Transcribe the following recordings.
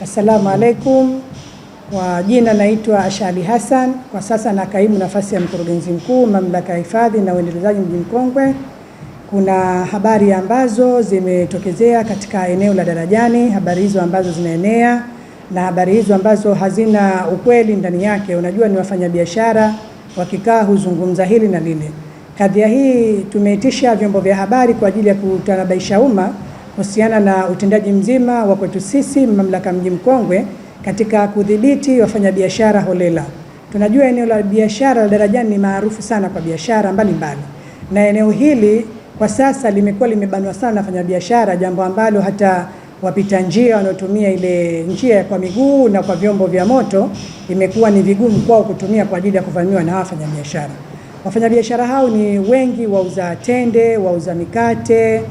Assalamu alaikum. Kwa jina naitwa Ashali Hassan, kwa sasa na kaimu nafasi ya mkurugenzi mkuu mamlaka ya hifadhi na uendelezaji mjini Mkongwe. Kuna habari ambazo zimetokezea katika eneo la Darajani, habari hizo ambazo zinaenea na habari hizo ambazo hazina ukweli ndani yake. Unajua, ni wafanyabiashara wakikaa huzungumza hili na lile. Kadhia hii tumeitisha vyombo vya habari kwa ajili ya kutanabaisha umma kuhusiana na utendaji mzima wa kwetu sisi mamlaka mji mkongwe katika kudhibiti wafanyabiashara holela. Tunajua eneo la biashara la Darajani ni maarufu sana kwa biashara mbalimbali, na eneo hili kwa sasa limekuwa limebanwa sana na wafanyabiashara, jambo ambalo hata wapita njia wanaotumia ile njia kwa miguu na kwa vyombo vya moto imekuwa ni vigumu kwao kutumia kwa ajili ya kuvamiwa na wafanyabiashara. Wafanyabiashara hao ni wengi, wauza tende, wauza mikate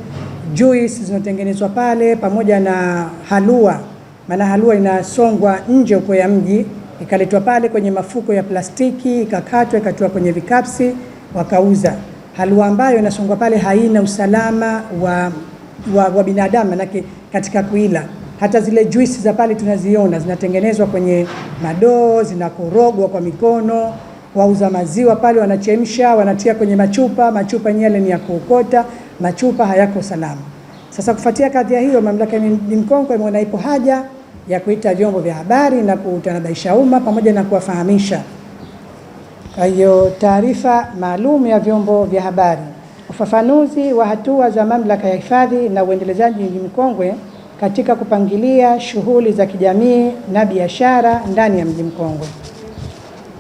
juice zinatengenezwa pale pamoja na halua, maana halua inasongwa nje huko ya mji ikaletwa pale kwenye mafuko ya plastiki ikakatwa ikatiwa kwenye vikapsi wakauza. Halua ambayo inasongwa pale haina usalama wa, wa, wa binadamu manake katika kuila. Hata zile juisi za pale tunaziona zinatengenezwa kwenye madoo, zinakorogwa kwa mikono. Wauza maziwa pale wanachemsha, wanatia kwenye machupa, machupa yenyewe ni ya kuokota machupa hayako salama. Sasa kufuatia kadhia hiyo, mamlaka ya mji mkongwe imeona ipo haja ya kuita vyombo vya habari na kutanabaisha umma pamoja na kuwafahamisha. Kwa hiyo taarifa maalum ya vyombo vya habari, ufafanuzi wa hatua za mamlaka ya hifadhi na uendelezaji mji mkongwe katika kupangilia shughuli za kijamii na biashara ndani ya mji mkongwe.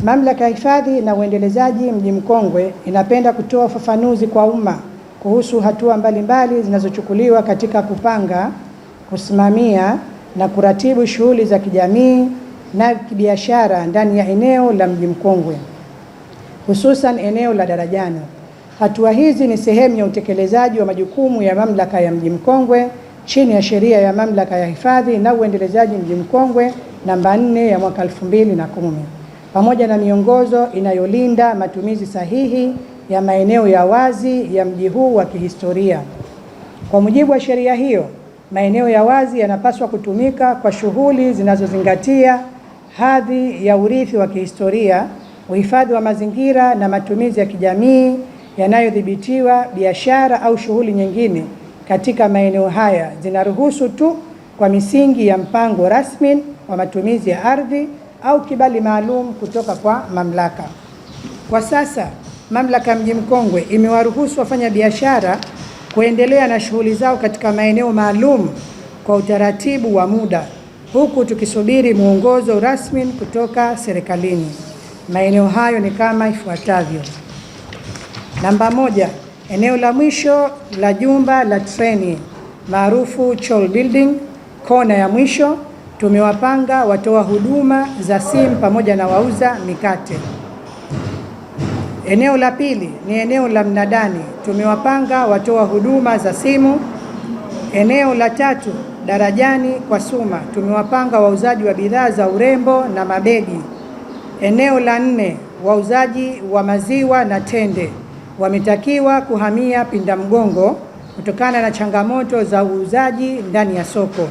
Mamlaka ya hifadhi na uendelezaji mji mkongwe inapenda kutoa ufafanuzi kwa umma kuhusu hatua mbalimbali zinazochukuliwa katika kupanga, kusimamia na kuratibu shughuli za kijamii na kibiashara ndani ya eneo la Mji Mkongwe, hususan eneo la Darajani. Hatua hizi ni sehemu ya utekelezaji wa majukumu ya mamlaka ya Mji Mkongwe chini ya sheria ya mamlaka ya hifadhi na uendelezaji Mji Mkongwe namba 4 ya mwaka 2010 pamoja na miongozo inayolinda matumizi sahihi ya maeneo ya wazi ya mji huu wa kihistoria. Kwa mujibu wa sheria hiyo, maeneo ya wazi yanapaswa kutumika kwa shughuli zinazozingatia hadhi ya urithi wa kihistoria, uhifadhi wa mazingira na matumizi ya kijamii yanayodhibitiwa. Biashara au shughuli nyingine katika maeneo haya zinaruhusu tu kwa misingi ya mpango rasmi wa matumizi ya ardhi au kibali maalum kutoka kwa mamlaka. Kwa sasa Mamlaka ya Mji Mkongwe imewaruhusu wafanya biashara kuendelea na shughuli zao katika maeneo maalum kwa utaratibu wa muda, huku tukisubiri mwongozo rasmi kutoka serikalini. Maeneo hayo ni kama ifuatavyo: namba moja, eneo la mwisho la jumba la treni maarufu Chol Building, kona ya mwisho, tumewapanga watoa huduma za simu pamoja na wauza mikate. Eneo la pili ni eneo la mnadani, tumewapanga watoa huduma za simu. Eneo la tatu darajani kwa Suma, tumewapanga wauzaji wa bidhaa za urembo na mabegi. Eneo la nne wauzaji wa maziwa na tende wametakiwa kuhamia pinda mgongo kutokana na changamoto za uuzaji ndani ya soko.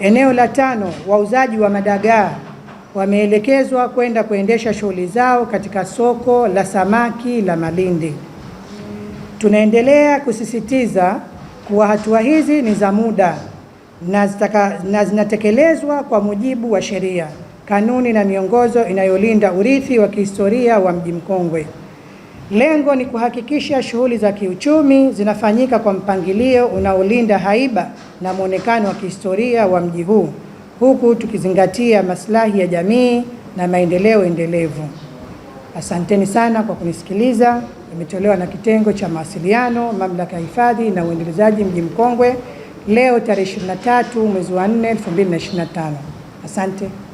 Eneo la tano wauzaji wa madagaa wameelekezwa kwenda kuendesha shughuli zao katika soko la samaki la Malindi. Tunaendelea kusisitiza kuwa hatua hizi ni za muda na zinatekelezwa kwa mujibu wa sheria, kanuni na miongozo inayolinda urithi wa kihistoria wa Mji Mkongwe. Lengo ni kuhakikisha shughuli za kiuchumi zinafanyika kwa mpangilio unaolinda haiba na mwonekano wa kihistoria wa mji huu huku tukizingatia maslahi ya jamii na maendeleo endelevu. Asanteni sana kwa kunisikiliza. Imetolewa na kitengo cha mawasiliano, mamlaka ya hifadhi na uendelezaji mji Mkongwe, leo tarehe 23 mwezi wa 4 2025. Asante.